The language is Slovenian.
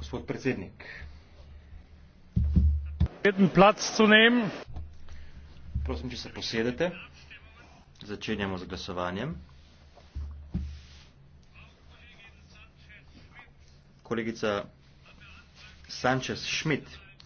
gospod predsednik prosim če se posedete začenjamo z glasovanjem kolegica sanchez schmidt